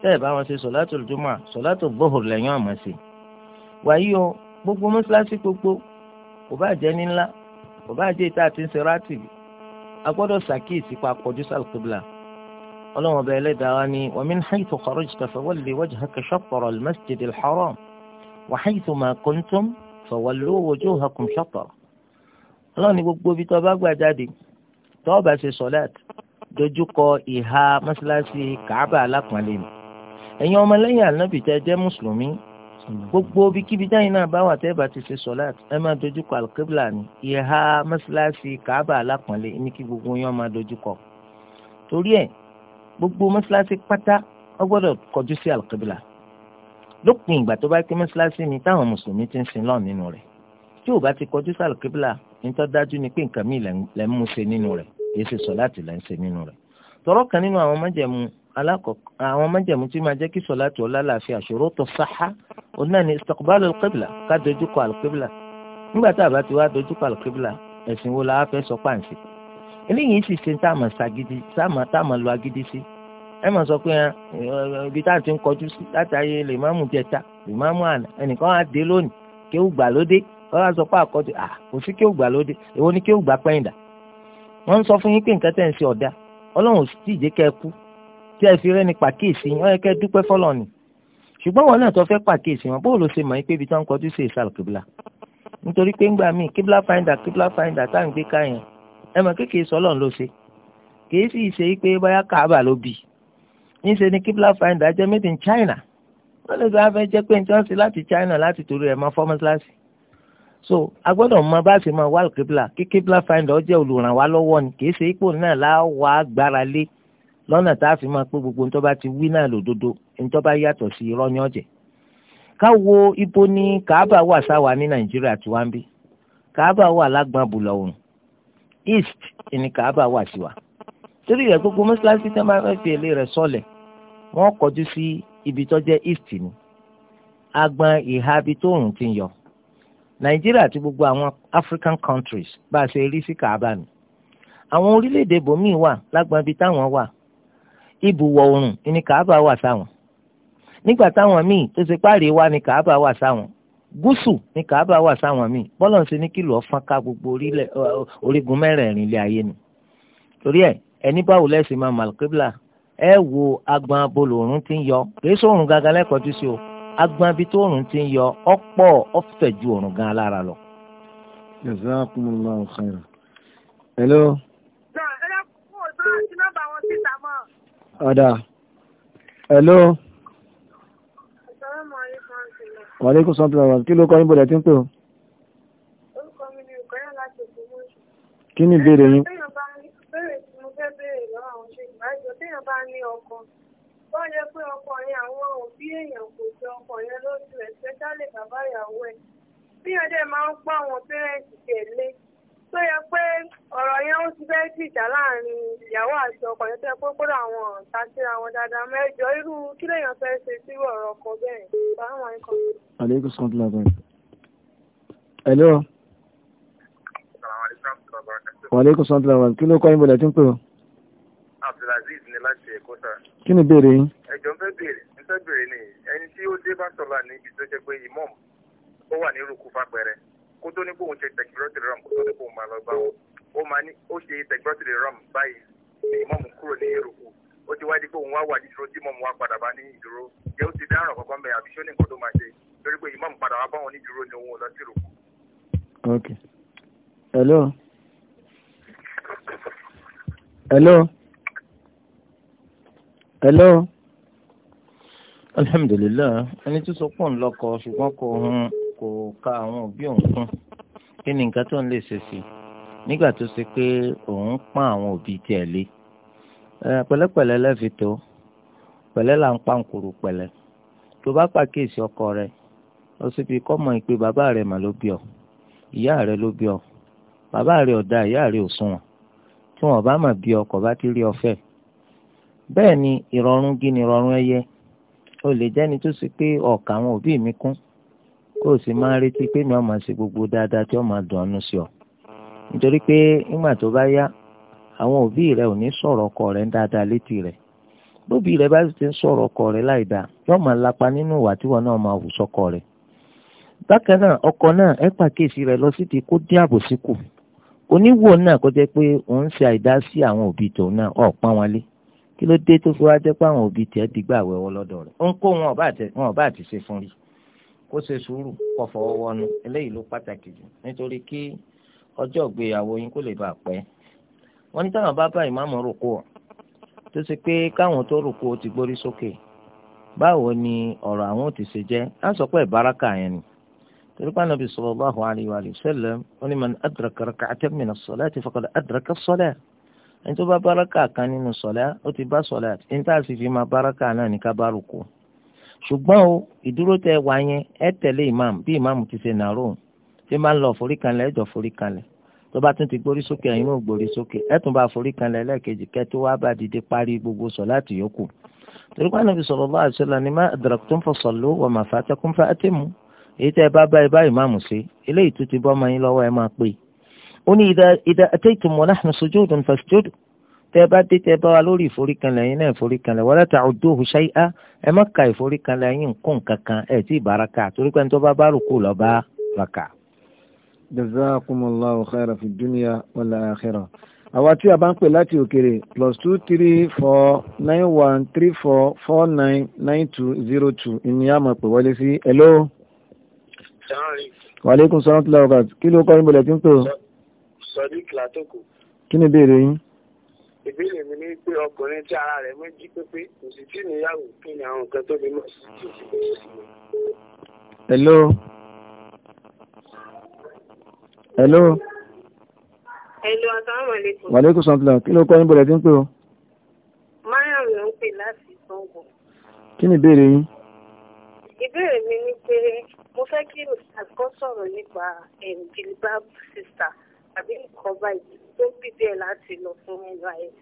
tẹ́ ẹ̀ bá wọn ṣe sọ̀látò lójúmọ́ sọ̀látò gbóhùr lẹ́yìn àmọ́ ṣe wàyí o gbogbo mọ́ṣáláṣí gbogbo kò bá jẹ́ ní ńlá kò bá jẹ́ ìta àti ń ṣe rátìbì a gbọ́dọ̀ ṣàkíyèsí pa àpọ̀jù sàlùkìbìlà ọlọ́run ọba ẹlẹ́dàá wa ni wa min haythu kharajta fawalli wajhaka shatra al-masjid al-haram wa haythu ma kuntum fawallu wujuhakum shatra ọlọ́run ní gbogbo ibi tó gbà jáde tó ṣe sọ́láàtì dojúkọ ìhà mọ́ṣáláṣí kàábà alápọ̀nlé ẹ̀yin ọmọlẹ́yìn ànábì tẹ́ jẹ́ mùsùlùmí gbogbo bíkíbi táyìn náà bá wà tẹ́ẹ̀bà ti ṣe sọ́láàt ẹ máa dojúkọ àlùkébìlà ni ìhà mọ́ṣáláṣí kàábà alápọ̀nlé ní kí gbogbo yẹn máa dojúkọ. torí ẹ gbogbo mọ́ṣáláṣí pátá ọ gbọ́dọ̀ kọjú sí àlùkébìlà lópin ìgbà tó bá pé mọ́ṣáláṣí ni táwọn mùsùlùmí ti ń sin lọ́ọ̀ nínú rẹ̀ tí ò bá ti kọjú sí àlùkébìlà nítọ́ dájú ni pé nǹkan míì lẹ́ alákọ̀ọ́kọ́ àwọn májẹ̀mú tí máa jẹ́ kí sọ̀láàtì ọ̀la làáfíà ṣòro tó sáhá òun náà ni istiqbalu al-qibla ká dojúkọ al-qibla nígbà tá a bá ti wá dojúkọ al-qibla ẹ̀sìn wo la wá fẹ́ sọ pàǹsì eléyìí sì ṣe táàmù ṣàgídí táàmù táàmù lọ agídí sí ẹ máa sọ pé ibi táà ti ń kọjú sí láti ayé lè má mú jẹta lè má mú àná ẹnìkan á dé lónìí kéwù gbà lóde wọ́n á sọ pé àkọ́jọ à kò sí kéwù gbà lóde èwo ni kéwù gbà pẹ́yìndà wọ́n ń sọ fún yín pé nǹkan tẹ̀ ń ṣe ọ̀dà ọlọ́run ò sì tíì jẹ́ kẹ́ ẹ kú tí ẹ fi rẹ́ ni pàkíyèsí yín ó yẹ kẹ́ dúpẹ́ fọlọ́ ni ṣùgbọ́n wọn náà tó fẹ́ pàkíyèsí wọn bóòlù ṣe mọ̀ pé ibi tó ń kọjú sí ìsàl kíbla nítorí pé ńgbà míì kíbla finder kíbla finder tá à ń gbé ká yẹn ẹ mọ̀ kékeré sọ́lọ̀ ló ṣe kìí sì ṣe pé báyà káàbà ló bì níṣẹ́ ni kíbla finder jẹ́ made in China wọ́n lè gbà fẹ́ jẹ́ pé ní wọ́n láti China láti torí ẹ̀ mọ́ fọ́mọ́síláṣì so a mọ bá ṣe mọ wàl kíbla kí kíbla finder ó jẹ́ olùrànwá lọ́wọ́ ni kìí ṣe ipò náà láwàá gbára lé lọ́nà tá a fi máa pé gbogbo ntọ́ bá ti wí náà lòdodo ntọ́ bá yàtọ̀ sí irọ́ ní ọ̀jẹ̀. ká wo ibo ni Kaaba wà sáwa ní Nàìjíríà tí wọ́n ń bí Kaaba wà lágbọ́n bùlọ̀ òun east ni Kaaba wà sí wa. torí rẹ̀ gbogbo mọ́ṣáláṣí tí wọ́n bá fẹ́ fi èlé rẹ̀ sọ́lẹ̀ wọ́n kọjú sí ibi tó jẹ́ east ni agbọn ìhà ibi tó òrùn ti yọ. Nàìjíríà àti gbogbo àwọn African countries bá a ṣe rí sí Kaaba ni. àwọn orílẹ̀-èdè bòmíì wà lágbọ́n ibùwọ̀ oòrùn ni kàábà wà sáwọn nígbà táwọn míì tó ṣe páàrí wa ni kàábà wà sáwọn gúúsù ni kàábà wà sáwọn míì bọ́lọ̀ ń ṣe ní kìlọ̀ fọ́n ká gbogbo orígun mẹ́rẹ̀ẹ̀rin ilé ayé ni torí ẹ ẹni báwo lẹ́sìn máa màlúkébìlà ẹ wo agbọn abolo oòrùn ti ń yọ kìí sóòrùn gangan lẹ́kọ̀ọ́ tí sí o agbọn abi tó oòrùn ti ń yọ ọ̀pọ̀ ọ̀fẹ́ ju oòrùn gan lára lọ. jazakumullahu khairan. hello ọ̀dà hello. wàlékún sọ́ńtún ọ̀rọ̀ kí ló kọ́ yín bọ̀dẹ̀ tí ń pè ó. orúkọ mi ni ìkọ́yà láti òkúmọ́. kí ni ìbéèrè yín. téèyàn bá ní béèrè tí mo fẹ́ béèrè lọ́wọ́ àwọn ṣe ìgbàjọ téèyàn bá ní ọkọ wọ́n yẹ pé ọkọ yẹn àwọn òbí èèyàn kò jẹ ọkọ yẹn lójú ẹ̀ especially bàbá ìyàwó ẹ̀ bí ọdẹ máa ń pọ́ àwọn tó yẹ pé ọ̀rọ̀ yẹn ó ti fẹ́ẹ́ dìjà láàrin ìyàwó àti ọkọ yẹn tó yẹ pé kódà àwọn ọ̀tá síra wọn dáadáa mẹ́jọ irú kí lèèyàn fẹ́ ṣe sí ọ̀rọ̀ ọkọ bẹ́ẹ̀ báwọn ikọ̀. àlékún sọ́ńtì lábẹ́ ẹ̀lọ́. wàlékún sọ́ńtì lábẹ́ kí ló kọ́ ìbọ̀lẹ̀ tí ń pè ọ́. abdulaziz ni láti èkó sá. kí ni béèrè yín. ẹjọ ń fẹ́ béèrè ń fẹ́ béèrè ni ẹni tí ó dé bá sọ̀rọ̀ ní ibi tó jẹ́ pé ìmọ̀ ó wà ní irú kú kó tó ní kóun ṣe tẹkirọtì ram kó tó ní kóun máa lọ bá wọn ó máa ní ó ṣe tẹkirọtì ram báyìí ní ìmọ̀mù kúrò ní eruku ó ti wá di kóun wá wà ní ìdúró tí ìmọ̀mù wá padà bá ní ìdúró jẹ́ ó ti dáràn kankan mẹ́ àbí ṣó ní nǹkan tó máa ṣe torí pé ìmọ̀mù padà wá báwọn onídùúró ni òun lọ sí eruku. ok hello hello hello alhamdulilayi ẹni tó sọ pọ̀ ńlọkọ ṣùgbọ́n kò ka àwọn òbí òun kún kí ni nǹkan tó ń lè ṣe sí i nígbà tó ṣe pé òun pọ́n àwọn òbí tiẹ̀ lé pẹ̀lẹ́pẹ̀lẹ́ lẹ́fi tó pẹ̀lẹ́ là ń pa nkùrù pẹ̀lẹ́ tó bá pàkíyèsí ọkọ rẹ ó sì fi kọ́ mọ̀ pé bàbá rẹ mà ló bí ọ ìyá rẹ ló bí ọ bàbá rẹ ọ̀dà ìyá rẹ ò sunwọ̀n tí wọn bá mà bí ọkọ̀ bá ti rí ọfẹ́ bẹ́ẹ̀ ni ìrọ̀rùn gí ni ìrọ̀rùn ẹyẹ o lè jẹ́ni tó ṣe pé ọ̀kà àwọn òbí mi kún kó o sì máa retí pé mi ò máa ṣe gbogbo dáadáa tí ó máa dùn ọ́nú sí ọ nítorí pé nígbà tó bá yá àwọn òbí rẹ ò ní ọkọ rẹ dáadáa létí rẹ bóbi rẹ bá ti ń sọ̀rọ̀ ọkọ rẹ láì dáa yóò máa lapa nínú ìwà náà máa sọ́kọ ọkọ náà ẹ pàkíyèsí rẹ lọ sí ti kó dín oníwò náà kó pé òun ṣe àìdá sí àwọn òbí tòun náà wọn lé kí ló dé tó fi wá pé àwọn kó ṣe sùúrù kó fọwọ́ wọnú eléyìí ló pàtàkì jù nítorí kí ọjọ́ ìgbéyàwó yín kó lè bàa pẹ́ wọ́n ní táwọn bá bá ìmáàmù rúkú ọ̀ tó ṣe pé káwọn tó rúkú ti gbórí sókè báwo ni ọ̀rọ̀ àwọn ò ti ṣe jẹ́ á sọ pé ìbáraka yẹn ni torí pé anabi sallallahu alayhi wa sallam ó ní ó ti bá sọ̀lá ẹni tá a sì fi ṣùgbọ́n o ìdúró tẹ wà yẹn ẹ tẹ̀lé imam bí imam ti ṣe nàró òun ṣé máa ń lọ forí kanlẹ̀ ẹ̀jọ̀ forí kanlẹ̀ tó bá tún ti gbórí sókè ẹ̀yin náà gbórí sókè ẹ̀ tún bá forí kanlẹ̀ lẹ́ẹ̀kejì kẹ́ tó wá bá dìde parí gbogbo sọ láti yòókù torí pé Ànábì sallallahu alaihi wasallam ni ma adraktum tó ti bọ́ ọmọ yín lọ́wọ́ ẹ máa pè tẹ́ bá dé tẹ́ bá wa lórí ìforíkanlẹ̀ yín náà ìforíkanlẹ̀ wala ta'udduhu shay'a ẹ má ka ìforíkanlẹ̀ yín nǹkan kankan ẹ̀ tí ìbáraka torí pé nítorí bá bá rúkú lọ bá raka. jazakumullahu khairan fi dunya wal akhirah àwa tí a bá ń pè láti òkèrè plus two three four nine one three four four nine nine two zero two ìní àmọ̀ pè wọlé sí hello. wa alaikum tí lọ́wọ́ kí ló kọ́ ìbọ̀lẹ̀ tí ń pè ó. sadiq ìbéèrè mi ni pé ọkùnrin tí ara rẹ̀ méjì pépé kò sì tí níyàwó kí ni àwọn nǹkan tó lè mọ̀ sí tí ò sì bẹ̀rẹ̀ sí. hello. hello. hello asalaamualeykum. wàleykum sàmùtìlá kí ló kọ́ yín bọ̀dẹ̀ tí ń pè o. mariam ló ń pè láti sango. kí ni ìbéèrè yín. ìbéèrè mi ni pé mo fẹ́ kí àkọ́ sọ̀rọ̀ nípa eh, jilbab sista àbí nǹkan báyìí tó gbìdé láti lọ fún NYSC.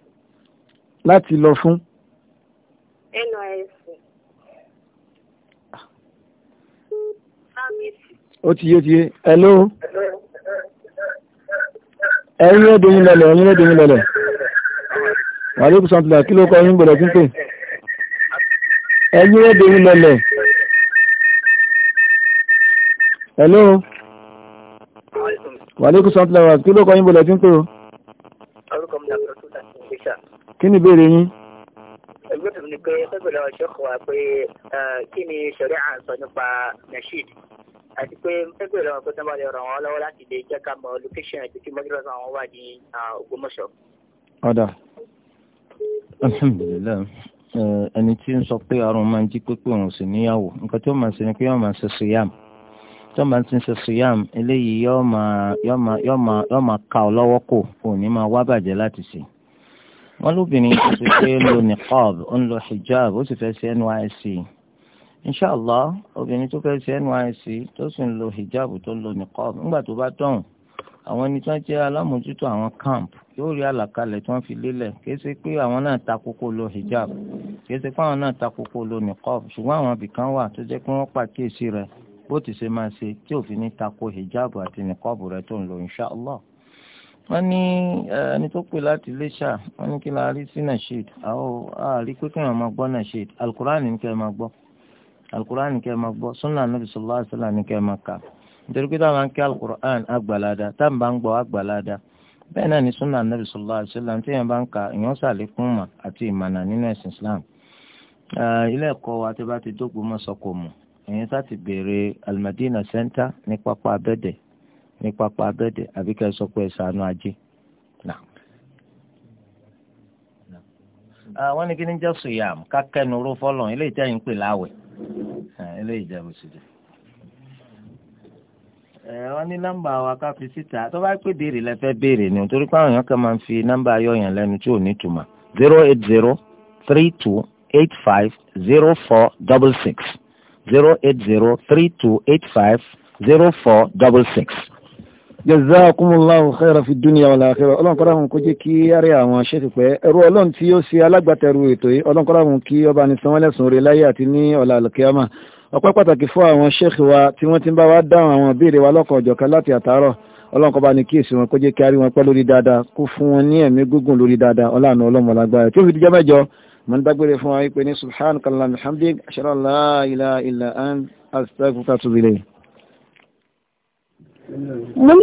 láti lọ fún. NYSC. ó ti yé ti yé hello. ẹ̀yin rédè yín lọlẹ̀ ẹ̀yin rédè yín lọlẹ̀. wàlúùkù santila kí ló kọ yín gbọ́dọ̀ kí n pè. ẹ̀yin rédè yín lọlẹ̀. hello. wàlúùkù santila kí ló kọ yín gbọ́dọ̀ kí n pè o kí ni ìbéèrè yín. ìgbésẹ̀ ni pé pẹ́pẹ́lẹ́ ọ̀ṣọ́ kọ̀ wá pé kí ni ṣẹ̀rí à ń sọ nípa nasheed àti pé pẹ́pẹ́lẹ́ ọ̀ṣọ́ tó ń bá lè ràn wọ́n lọ́wọ́ láti lè jẹ́ ká mọ location àti kí mọ́tò lọ́sàn àwọn wà ní Ògbómọ̀ṣọ́. ọ̀dà alhamdulilayi ẹni tí ń sọ pé àrùn máa ń jí pépé òun sì níyàwó nǹkan tí ó máa ń ṣe ni pé wọ́n máa ń ṣe síyàmù tó máa ti ṣe suyam eléyìí yóò máa yóò máa yóò máa ká ọ lọ́wọ́ kò ò ní máa wá bàjẹ́ láti ṣe wọ́n lóbìnrin tó ti pé ń lo niqab ń lo hijab ó sì fẹ́ ṣe nysc inshallah obìnrin tó fẹ́ ṣe nysc tó sì ń lo hijab tó ń lo niqab nígbà tó bá dọ̀hùn àwọn ẹni tó ń jẹ́ alámòjútó àwọn camp yóò rí àlàkalẹ̀ tí wọ́n fi lélẹ̀ kìí ṣe pé àwọn náà ta kókó lo hijab kìí ṣe pé àwọn náà ta kókó lo niqab ṣùgbọ́n àwọn ibìkan wà tó jẹ́ pé wọ́n pàkíyèsí rẹ̀ bó ti ṣe máa ṣe tí òfin ní tako hijab àti niqab rẹ̀ tó ń lo inshallah wọ́n ní ẹni tó pè láti Iléṣà wọ́n ní kí la rí sí nasheed àwọn àárí pé kéèyàn máa gbọ́ nasheed alukur'an ní kẹ́ ẹ máa gbọ́ alukur'an ní kẹ́ ẹ máa gbọ́ sunna anabi sallallahu alaihi wasallam ní kẹ́ ẹ máa kà nítorí pé táwọn ń alukur'an àgbàládá táwọn bá ń gbọ́ àgbàládá bẹ́ẹ̀ náà ni sunna anabi sallallahu sallam wasallam téèyàn bá ń kà èèyàn sàlékún mà àti ìmànà nínú ẹ̀sìn Islam ilé ẹ̀kọ́ wa tí bá ti dógbó mọ́ sọ́kò Al-Madina Center ní pápá abẹ́dẹ̀ ní pápá abẹ́dẹ̀ àbí ká ẹ sọ pé ẹ ṣàánú ajé. wọ́n ní kí ni jẹ́ sùyàm kákẹ́nu ró fọ́lọ̀ ilé ìtẹ́yìn ń pè láwẹ̀ ilé ìjẹun sì dé. wọ́n ní nọ́mbà wa ká fi síta tó bá pè béèrè lẹ́fẹ́ béèrè ni torí pé àwọn èèyàn kan máa ń fi nọ́mbà yọ̀yàn lẹ́nu tí ò ní tuma zero eight zero three two eight five zero four double six zero eight zero three two eight five zero four double six jazakumullahu khairan fi dunya wal akhirah ọlọ́run kọ́ra hùn kó jẹ́ kí àárẹ̀ àwọn aṣẹ́fìpẹ́ ẹ̀rọ ọlọ́run tí ó ṣe alágbàtẹ̀rù ètò yìí ọlọ́run kọ́ra hùn kí ọba ní sanwó-ẹlẹ́sùn orí láyé àti ní ọ̀la alkiyama ọpẹ́ pàtàkì fún àwọn ṣẹ́ẹ̀kì wa tí wọ́n ti ń bá wa dáhùn àwọn ìbéèrè wa lọ́kọ̀ ọ̀jọ̀kan láti àtàárọ̀ ọlọ́run kọ́ba ní kíyèsí wọn kó jẹ́ kí a rí wọn pẹ́ lórí dáadáa kó fún wọn ní ẹ̀mí gígùn lórí dáadáa ọlọ́run ọlọ́mọ lágbára tí ó fi dijọ́ mẹ́jọ mọ̀ ń dágbére wa wípé ní subhanakallahumma hamdik ashhadu la ilaha illa ant astaghfiruka wa atubu ilayk mun